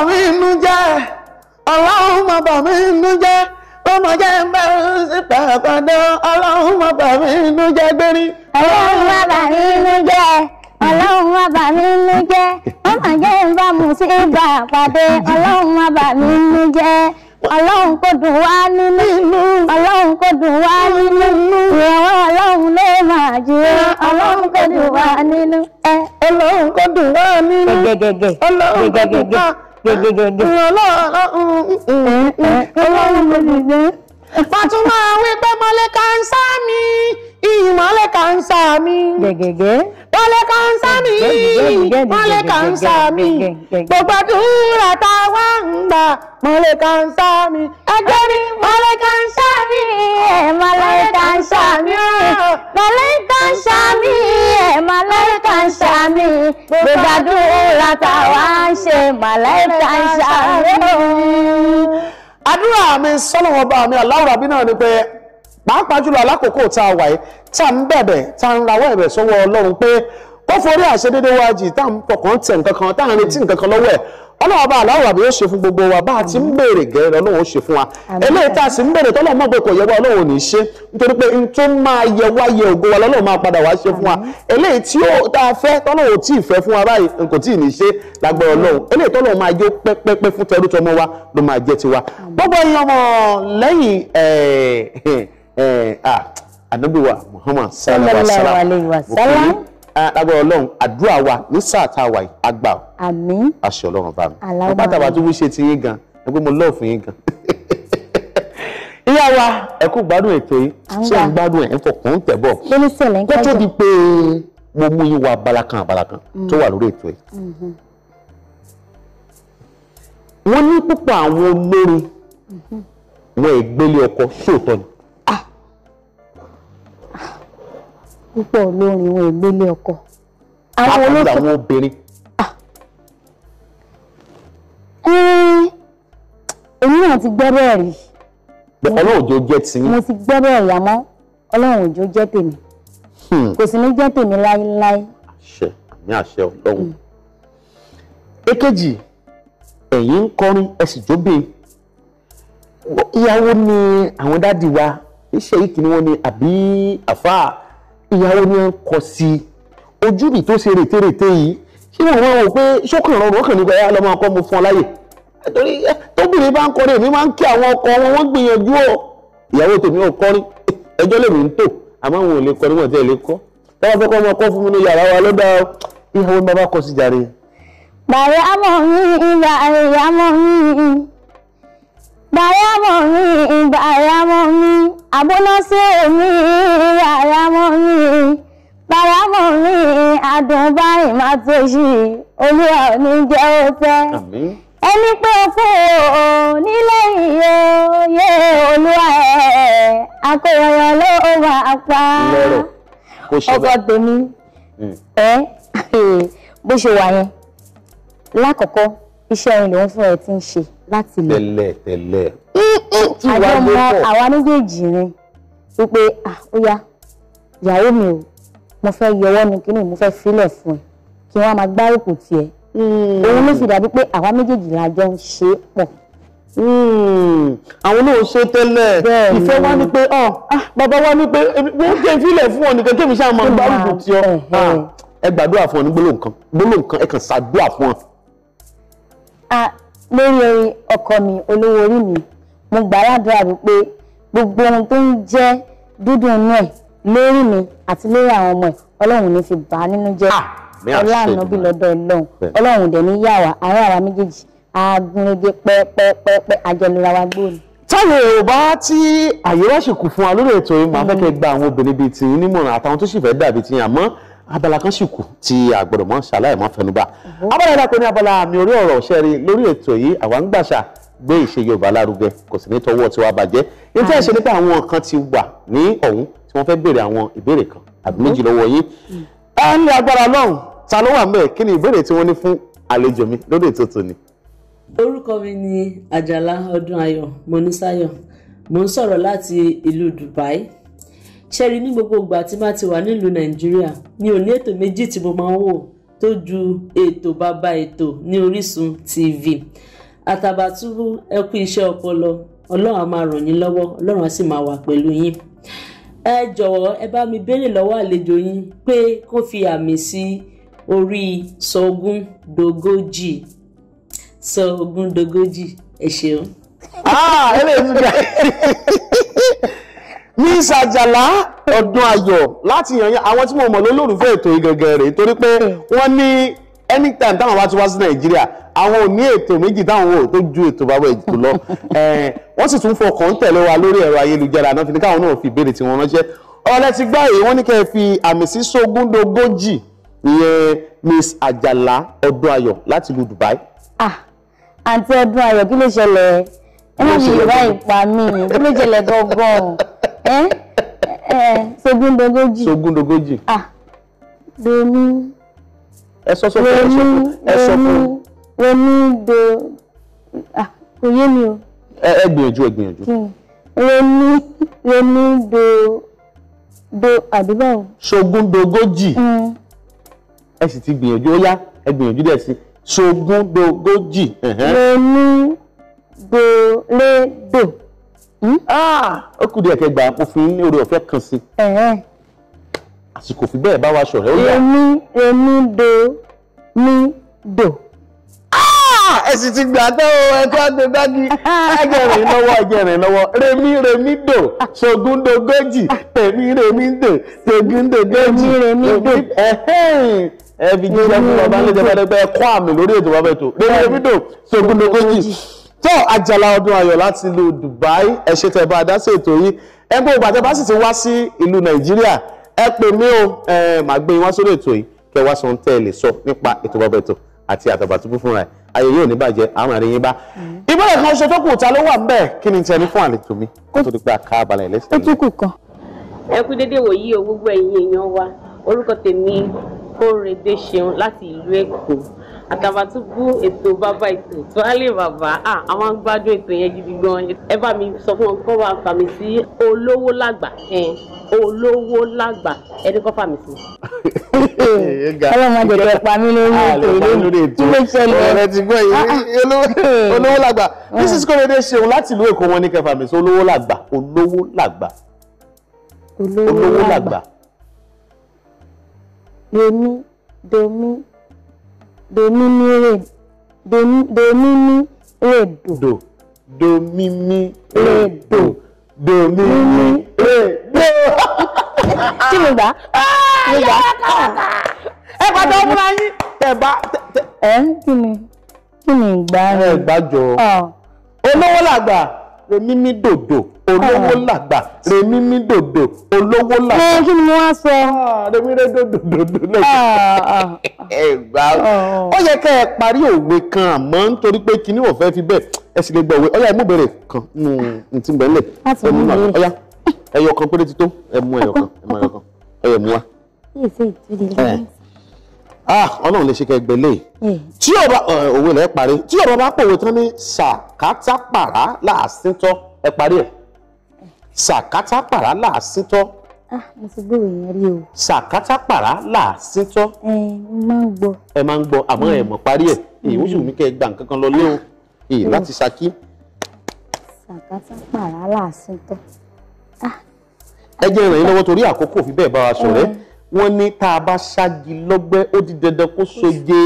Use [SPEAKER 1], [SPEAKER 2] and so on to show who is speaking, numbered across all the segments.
[SPEAKER 1] bà mí inú jẹ́ ọlọ́run má bà mí inú jẹ́ ọmọ jẹ́ bẹ́ẹ̀ sí pàpàdé ọlọ́run má bà mí inú jẹ́ gbérí. ọlọ́run
[SPEAKER 2] má bà mí inú jẹ́ ọlọ́run má bà mí inú jẹ́ ọmọ jẹ́ ìbámu sí pàpàdé ọlọ́run má bà mí inú jẹ́ ọlọ́run kò dùn wá nínú ọlọ́run kò dùn wá nínú ìrànwọ́ ọlọ́run ló máa jẹ́ ọlọ́run kò dùn wá nínú ẹ ọlọ́run kò dùn wá nínú ọlọ́run kò dùn wá Fàtúmọ̀ wípé mọ́lẹ́ kànsá mi, ìmọ̀lẹ́ kànsá mi. Gẹ̀gẹ̀gẹ̀. Mọ́lẹ́ kànsá mi, mọ́lẹ́ kànsá mi. Gbogbo àdúrà tá a wá ń gbà, mọ́lẹ́ kànsá mi. Ẹgbẹ́ mi, mọ́lẹ́ kànsá mi, mọ́lẹ́ kànsá mi. Mọ́lẹ́ kànsá mi, mọ́lẹ́ kànsá mi ń ṣàmì gbogbo àdúrà táwa ń ṣe
[SPEAKER 1] màláìka ń àdúrà mi sọ́nà wọn bá mi aláwọ̀ àbí náà ni pé pàápàá jùlọ alákòókò tá a wà yìí tá a ń bẹ̀bẹ̀ tá a ń rawọ́ ẹ̀bẹ̀ sọ́wọ́ ọlọ́run pé kó forí àṣedédé wájì tá a ń pọkàn tẹ̀ nǹkan kan tá a ń retí nǹkan kan lọ́wọ́ ẹ̀ ọlọ́wọ́ bá aláwọ̀ àbí yóò ṣe fún gbogbo wa bá a ti ń béèrè gẹ́rẹ́ lọ́wọ́ ṣe fún wa eléyìí tá a sì ń béèrè tọ́lọ́ mọ̀ pé kò yẹ wá ọlọ́wọ́ ní í ṣe nítorí pé n tó máa yẹ wá ògo wa lọ́lọ́wọ́ máa padà wá ṣe fún wa eléyìí tí ó tá a fẹ́ tọ́lọ́wọ́ tí ì fẹ́ fún wa báyìí n kò tí ì ní í ṣe lágbára Ọlọ́run eléyìí tọ́lọ́ máa yó pẹ́pẹ́pẹ́ fún tẹrú tọmọ wa ló máa jẹ́ lágbára ọlọ́run àdúrà wa ní sáà tá a wà yìí àgbà o. àmín àṣẹ ọlọ́run bá mi. aláwọ̀ àmì pátá tó wí ṣe ti yín gan ẹ pé mo lọ́ọ̀ fún yín gan. ìyá wa ẹ kú gbádùn ètò yìí ṣé ń gbádùn ẹ̀ ń fọkàn ń tẹ̀ bọ̀. lórí sẹ̀lẹ̀ ń kájọ. kó tó di pé mo mú yín wá abalakan abalakan tó wà lórí ètò yìí. Mm-hmm. wọ́n ní púpọ̀ àwọn olórin mm-hmm. wọn ìgbélé ọkọ sóòótọ́ ni.
[SPEAKER 3] púpọ̀ olórin wọn ìgbélé ọkọ. àwọn olóṣèlú àwọn obìnrin. èmi náà ti gbẹ́rẹ́ rí.
[SPEAKER 1] ọlọ́run òjò jẹ́ tiyín. mo
[SPEAKER 3] ti gbẹ́rẹ́ rí àmọ́ ọlọ́run òjò jẹ́ tèmi. Hmm. kò sì ní jẹ́ tèmi láéláé.
[SPEAKER 1] àṣẹ àmì àṣẹ ọlọ́run. Hmm. èkejì ẹ̀yin ń kọrin ẹ sì jóbe ìyàwó ni àwọn dádì wa iṣẹ́ yìí kì ni wọ́n ní àbí àfáà ìyàwó ni ẹ ń kọ sí i ojú mi tó ṣe rètérètè yìí kí wọn wọn wò pé ṣókùn rọrùn ó kàn nípa ah, ẹyà lọmọ ọkọ mo fún ọ láyè eh, torí eh, tóbìnrin bá ń kọrin èmi máa ń kí àwọn ọkọ wọn wọn gbìyànjú ọ ìyàwó tèmi ò kọrin ẹjọ́ lèmi ń tò àmọ́ wọn ò lè kọrin wọn tẹ lè kọ tọwọ fẹ kọ ọmọ ọkọ fún mi ní yàrá wa lọdà ìyàwó bàbá kọ sí jàre.
[SPEAKER 2] bàrẹ̀ àmọ̀ mi ìgbà àrẹ̀ àmọ̀ mi. Bàyámọ̀ mi, bàyámọ̀ mi, àbóná sí èmi, bàyámọ̀ mi. Bàyámọ̀ mi, adùn báyìí máa tó ṣì, olúwa ò ní jẹ́ ó tẹ́. Ẹni pé fún o nílé ìyó yé olúwa ẹ̀, akóyọyọ ló máa pa. Ọkọ tèmi, hmm. ẹ bó ṣe wà yẹn, lákọ̀ọ́kọ́
[SPEAKER 3] iṣẹ́ òun lòun fún ẹ ti ń ṣe láti lè.
[SPEAKER 1] tẹ́lẹ̀ tẹ́lẹ̀.
[SPEAKER 3] tí wàá ló pọ̀ àwa méjèèjì ni wípé ah ó yá ìyàwó mi ò mo fẹ́ yọwọ́ nu kínní mo fẹ́ filẹ̀ fún ẹ kí wọ́n á máa gbá òkú tiẹ̀.
[SPEAKER 2] Mm. òun ló
[SPEAKER 3] fi dàbí pé àwa méjèèjì la jọ ń ṣe é pọ̀ mm. àwọn náà ṣe tẹ́lẹ̀
[SPEAKER 1] ìfẹ́ wá ní pé ọ ah, ah, bàbá wá ní pé wọ́n jẹ́ ìfilẹ̀ fún ọ nìkan kémi ṣáà máa gbárùkù tí ọ ah, ẹ gbàdúrà fún ọ ní gbólóǹkan gbólóǹkan ẹ kàn ṣàdúrà fún ọ
[SPEAKER 3] lórí orin ọkọ mi olówó orí mi mo gbà ládùúrà wípé gbogbo ohun tó ń jẹ́ dúdùn inú ẹ̀ lórí mi àti lórí àwọn ọmọ ẹ̀ ọlọ́run ní fi bà á nínú jẹ́ ah, ọlọ́run bí lọ́dọ̀ ọlọ́run ọlọ́run dẹ̀ ní yàwá àárẹ̀ àwa méjèèjì agunrege pẹ́pẹ́pẹ́ àjọlura wa gbóòlù.
[SPEAKER 1] táwọn yorùbá tí àyè wá ṣe kù fún wa lórí ètò yìí máa mm-hmm. fẹ́ kẹ́ gba àwọn obìnrin bíi tìyín nímọ̀ràn àtàwọn tó sì fẹ́ dàbí tìyín àmọ́ abala kan sì kù tí àgbọ̀dọ̀ mọ́ ṣàlàyé mọ́ fẹnubà abala ìlà pé ní abala àmì orí ọ̀rọ̀ ṣẹ́rí lórí ètò yìí àwa ń gbàṣà gbé ìṣe Yorùbá lárugẹ kò sì ní tọwọ́ tiwa bàjẹ́ ní tí ẹ ṣe nípa àwọn kan ti wà ní ọ̀hún tí wọ́n fẹ́ béèrè àwọn ìbéèrè kan àbí méjì lọ́wọ́ yín ẹ ní agbára Ọlọ́run ta ló wà mẹ́ẹ̀ kí ni ìbéèrè tí wọ́n ní fún àlejò mi lórí ètò tòní.
[SPEAKER 3] orúkọ mi ni Àjàlá Ọdúnayọ̀ Mọ́nísáyọ̀ mo ń
[SPEAKER 1] sọ̀rọ̀ láti ìlú Dubai ṣẹ́rí ní gbogbo ìgbà tí bá ti wà nílùú nàìjíríà mi ò ní ètò méjì tí mo máa ń wò tó ju ètò bàbá ètò ní Orísun TV Àtàbàtúbú ẹ kú iṣẹ́ ọpọlọ ọlọ́run á máa ràn yín lọ́wọ́
[SPEAKER 3] ọlọ́run á sì máa wà pẹ̀lú yín ẹ jọ̀wọ́ ẹ bá mi béèrè lọ́wọ́ àlejò yín pé kó fi àmì sí orí sọgún dogójì
[SPEAKER 1] sọgún dogójì ẹ ṣeun. ah eléyìí ti gbà ní ìsàjàlá ọdún ayọ̀ láti yànyàn àwọn tí mo mọ̀ lólùfẹ́ ètò ìgẹ̀gẹ̀ rèé torí pé hmm. wọ́n ní anytime táwọn bá ti wá sí nàìjíríà àwọn ò ní ètò méjì táwọn ò tó ju ètò bàbá ètò lọ wọ́n sì tún fọkàn tẹ̀lé wa lórí ẹ̀rọ ayélujára náà fi ní káwọn náà fi ìbéèrè tí wọ́n ránṣẹ́ ọ̀rẹ́ ti gbá èyí wọ́n ní kẹ́ ẹ fi àmì sí sógúndógójì ìyẹn miss àjàlá ọdún ayọ̀ láti ìlú dubai. ah àǹtí ọdún ayọ̀ kí ló ṣẹlẹ̀ ẹ má mi ìwà
[SPEAKER 3] ìpa mi kí ló ṣẹlẹ̀ gangan sógúndogójì. sógúndogójì. ah remi. ẹ lemi sókè ẹ sọ fún ẹ sọ fún. remi do ah kò yé mi o.
[SPEAKER 1] ẹ ẹ gbìyànjú ẹ gbìyànjú.
[SPEAKER 3] Hmm. remi remi do do àdúgbò. sógúndogójì. Hmm.
[SPEAKER 1] ẹ sì ti gbìyànjú ó yá ẹ gbìyànjú dẹ̀ sí sógúndogójì. remi do le do. Hmm? Ah! ó kù díẹ̀ kẹgbà mo fi ní oore ọ̀fẹ́ kan sí àsìkò fi bẹ́ẹ̀ bá wa ṣọ̀rẹ́ ó yà. èmi èmi do mi do ah! ẹ sì ti gbà tẹ́ o ẹ tó àti dájú ẹgẹrin lọ́wọ́ ẹgẹrin lọ́wọ́ remi remi dò ṣògùndògójì tèmi remi dò ṣògùndògójì remi remi dò ẹ fi jíjẹ fún baba ńlẹ jẹba dẹgbẹ ẹ kọ àmì lórí ètò bàbá ètò remi remi dò ṣògùndògójì tó àjàlá ọdún ayọ̀ láti ìlú Dubai ẹ ṣé tẹ́ bá dá sí ètò yìí ẹ gbọ́ ògbà tẹ́ bá sì ti wá sí ìlú Nàìjíríà ẹ pè mí o ẹ màá gbé yín wá sórí ètò yìí kẹ́ wá sọ ohun tẹ́ ẹ lè sọ nípa ètò bàbá ètò àti Àtàbàtúbú fúnra ẹ̀ ayé yóò ní bàjẹ́ àwọn àrí yín bá. ìbọ̀lẹ̀ kan ṣe tó kù ta ló wà ńbẹ̀ kí ni tẹni fún àlejò mi kó tó di pé àká abalẹ̀ lẹ́sìn. ó tún kù kan.
[SPEAKER 3] ẹ kú dédé wòyí o gbogbo ẹ̀yin èèyàn wa orúkọ tèmi Kórèdé Ṣeun láti ìlú Èkó àtàbàtúbú ètò bàbá ètò tọ́lálé bàbá àwọn agbádùn ètò yẹn gidi gan ẹ bá mi sọ fún wọn ah, ah, ah. kọ́ wa fà mí sí olówó lágbà olówó lágbà ẹni kọ́ fà mí sí. ọlọ́mọdé kẹ
[SPEAKER 1] pa mí lórí ètò ìlú kí ló ṣẹlẹ̀ ọ̀rẹ́ ti gbọ́ yìí olówó lágbà this is kóredé ṣeun láti ìlú èkó wọn ní kẹfà mí sí olówó lágbà olówó lágbà olówó lágbà.
[SPEAKER 3] yèmí domi Do do do do do do mimi mimi
[SPEAKER 2] dominiredo dominiredo do. tí mo gbà mo gbà ẹ bá tó fún ayé
[SPEAKER 1] tẹ bá. ẹ ń kí ni kí ni ìgbà rẹ. ẹ gbàjọ ah. olówó làgbà rèmí ní dòdò olówó ah. làgbà rèmi mí dòdò olówó làgbà. ẹ kí ni mo wá sọ. Ah, rèmi rẹ dòdò dòdò náà. Ah, ẹ gbà ó yẹ kẹ́ ẹ parí òwe kan àmọ́ nítorí pé kinní ò fẹ́ fi bẹ́ẹ̀ ẹ sì lè gbọ́ òwe ọ̀yà ìmúbẹ̀rẹ̀ kan nù ti bẹ̀rẹ̀ lẹ̀ ọ̀yà ẹyọ kan péré ti tó ẹ mú ẹyọ kan ẹ mú ẹyọ kan ẹyọ mú wa. ọlọ́run lè ṣe kẹ́ ẹgbẹ́ lé tí ọba òwe lẹ́ parí tí ọba bá pòwe tán ní ṣàkátàpàrà láàsìntọ́ ẹ parí ẹ̀ sàkátà pàrà là á síntọ́. ah mo ti gbé ìyẹn rí o. sàkátà pàrà là á síntọ́.
[SPEAKER 3] ẹ máa ń gbọ́.
[SPEAKER 1] ẹ máa ń gbọ́ àmọ́ ẹ mm. mọ̀ parí ẹ̀ èyí ó sì wù mí ẹ gba nǹkan kan lọ lé o ah. èyí láti Ṣakí.
[SPEAKER 3] sàkátà pàrà là á síntọ́.
[SPEAKER 1] Ah. ẹ jẹ́ ìrànlẹ́ lọ́wọ́ torí àkókò fi bẹ́ẹ̀ bá wa sọ̀rẹ́ eh. wọ́n ní tá a bá ṣáàgì lọ́gbẹ́ ó di dandan kó soje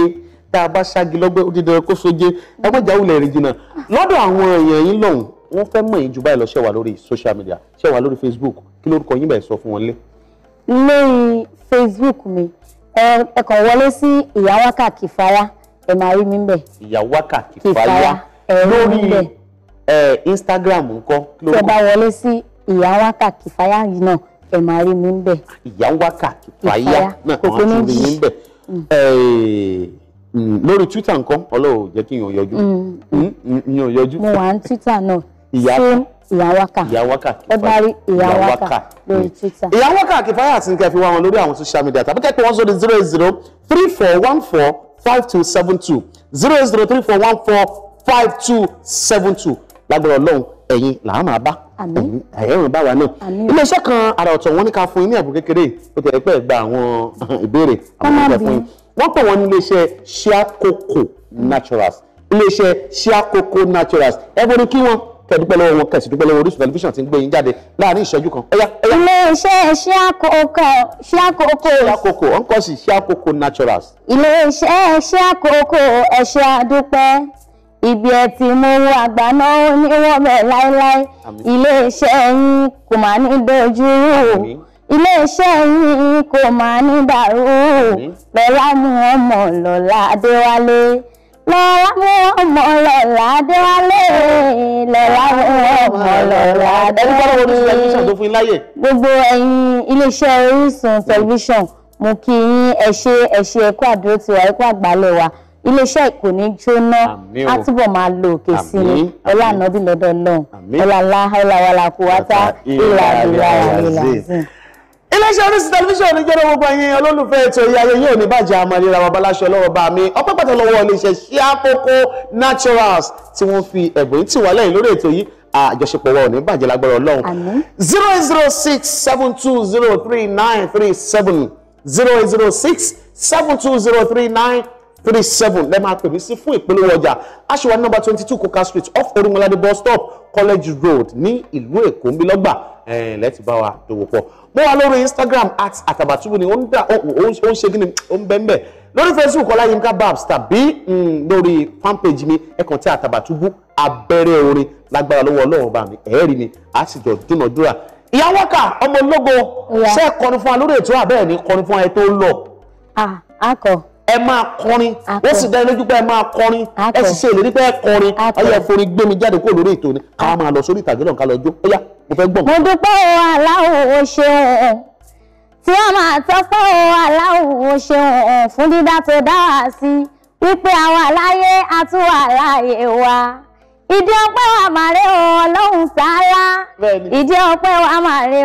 [SPEAKER 1] tá a bá ṣáàgì lọ́gbẹ́ ó di dandan kó soje ẹgbẹ́jà wulẹ̀ rìn jìnnà lọ́dọ̀ àwọn èèyàn yín lọ́hùn wọ́n fẹ́ mọ̀ yín jù báyìí lọ ṣe lórí social media ṣe wà lórí Facebook kí lórúkọ yín báyìí sọ fún wọn lé. lórí Facebook
[SPEAKER 3] mi ẹ kàn wọlé sí ìyá wákà kìfáyà ẹ máa rí mi bẹ. ìyá
[SPEAKER 1] kìfáyà lórí Instagram ńkọ́. tí ẹ bá
[SPEAKER 3] wọlé sí ìyá wákà kìfáyà yìí náà ẹ máa rí mi bẹ. ìyá kìfáyà náà àwọn ti rí mi
[SPEAKER 1] bẹ mm. mm, lórí Twitter nǹkan ọlọ́wọ́ jẹ́ kí n yàn mm. yọjú. mo wà ní Twitter náà ìyá ìyáwákà ìyáwákà ọdarí ìyáwákà lórí twitter. ìyáwákà kìfáyà àti nǹkan fi wá wọn lórí àwọn social media tàbí kẹ́kẹ́ wọ́n sórí zero zero three four one four five two seven two zero zero three four one four five two seven two lágbára ọlọ́run ẹ̀yin làá máa bá ẹ̀yin bá wa náà iléeṣẹ́ kan ara ọ̀tọ̀ wọn ní ká fún yín ní ẹ̀bùn kékeré ó tẹ̀lé pẹ́ gba àwọn ìbéèrè àwọn ìbéèrè fún yín wọ́n pè wọ́n ní iléeṣẹ́ Shiakoko Naturals iléeṣẹ́ Shiakoko kẹ́ dúpẹ́ lọ́wọ́ wọn kẹ̀sì dúpẹ́ lọ́wọ́ Orísun tẹlifíṣàn tí ń gbé yín jáde láàrin ìṣẹ́jú kan. ilé iṣẹ́ ṣíàkókò ṣíàkókò. ṣíàkókò ọ̀nkọ́sì ṣíàkókò naturals. ilé iṣẹ́ ṣíàkókò ẹ̀ṣẹ̀ àdúpẹ́
[SPEAKER 2] ibi ẹ ti mú owó àgbà náà ní wọ́n bẹ̀ láéláé ilé iṣẹ́ yín kò máa ní dojú rú ilé yín kò máa ní dàrú pẹ̀lú àmú ọmọ lọ́lá Adéwálé lọ́la fún ọmọ lọ́la déwálé lọ́la fún ọmọ lọ́la
[SPEAKER 3] déwálé. gbogbo ẹ̀yin iléeṣẹ́ Orísun tẹlifíṣàn mo kí yín ẹ ṣé ẹ ṣé ẹ kú àdúró tiwa ẹ kú àgbálẹ̀ wa iléeṣẹ́ kò ní jóná á máa lo òkè sí i ọlá ànábì lọ́dọ̀ náà ọlá ńlá ọlá wàlàkùn wátá
[SPEAKER 2] ìlà ìlà ìlà ìlà
[SPEAKER 1] iléeṣẹ́ Orísun tẹlifíṣàn ní jẹ́rọ gbogbo ẹ̀yin olólùfẹ́ ètò ìyá ayé yóò ní bàjẹ́ àmọ́lera wa Bọ́láṣọ lọ́wọ́ bá mi ọpẹ́ pàtàkì lọ́wọ́ iléeṣẹ́ Ṣíàkókó Naturals tí wọ́n fi ẹ̀bùn yìí tì wá lẹ́yìn lórí ètò yìí àjọṣepọ̀ wa ò ní bàjẹ́ lágbára Ọlọ́run zero eight zero six seven two zero three nine three seven zero eight zero six seven two zero three nine three seven lẹ́ẹ̀ máa pè mí sí fún ìpolówó ọjà aṣèwà number twenty two coca street off orunmọlade bus stop college road ní ìlú èkó ń bí lọ́gbà lẹ́tì bá wa dòwò pọ̀ mo wà lórí instagram at àtàbàtúbù ni ó ń ṣe kí ni ó ń bẹ́ẹ̀ bẹ́ẹ̀ lórí facebook ọláyínká babs tàbí mm, lórí fanpage mi ẹ̀kan tí àtàbàtúbù abẹ́rẹ́ orin lágbára lọ́wọ́ ọlọ́run bá mi ẹ̀ẹ́rì mi a sì jọ dúnàdúrà ìyá wákà ọmọ ológo ṣe é kọrin fún wa lórí ètò àbẹ́ẹ̀ ni kọrin fún wa ẹ tó ń lọ. a kọ ẹ máa kọrin ó sì dá ẹ lójú pé ẹ máa kọrin ẹ sì ṣe ìlérí pé ẹ kọrin ọyọ ìforin gbé mi jáde kúrò lórí ètò ni ká máa lọ sórí ìtàgé náà ká lọ jó ó yá mo fẹ́ gbọ̀n. mo dúpẹ́ o aláwo ṣeun
[SPEAKER 2] tí a máa tọ́pẹ́ o aláwo ṣeun fún dídá tó dá wa sí wípé àwa láyé a tún wà láàyè wa ìdí ọpẹ́ wa máa rẹ o sáárá ìdí
[SPEAKER 1] ọpẹ́ wa máa rẹ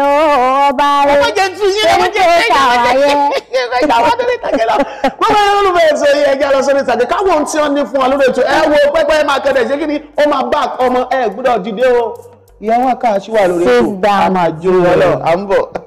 [SPEAKER 1] ọba rẹ ṣe ṣàwáyé. gbogbo ẹni olùfẹ́ ètò yìí ẹgbẹ́ lọ sórí ìtàgé káwọn ohun tí wọ́n ní fún wa lórí ètò ẹ wo pẹ́pẹ́ máa kẹ́dẹ̀ ṣé kí ni ó máa bá ọmọ ẹ gbọ́dọ̀ dìde o ìyàwó àkáàṣì wà lórí ètò a máa jó wọn lọ à ń bọ̀.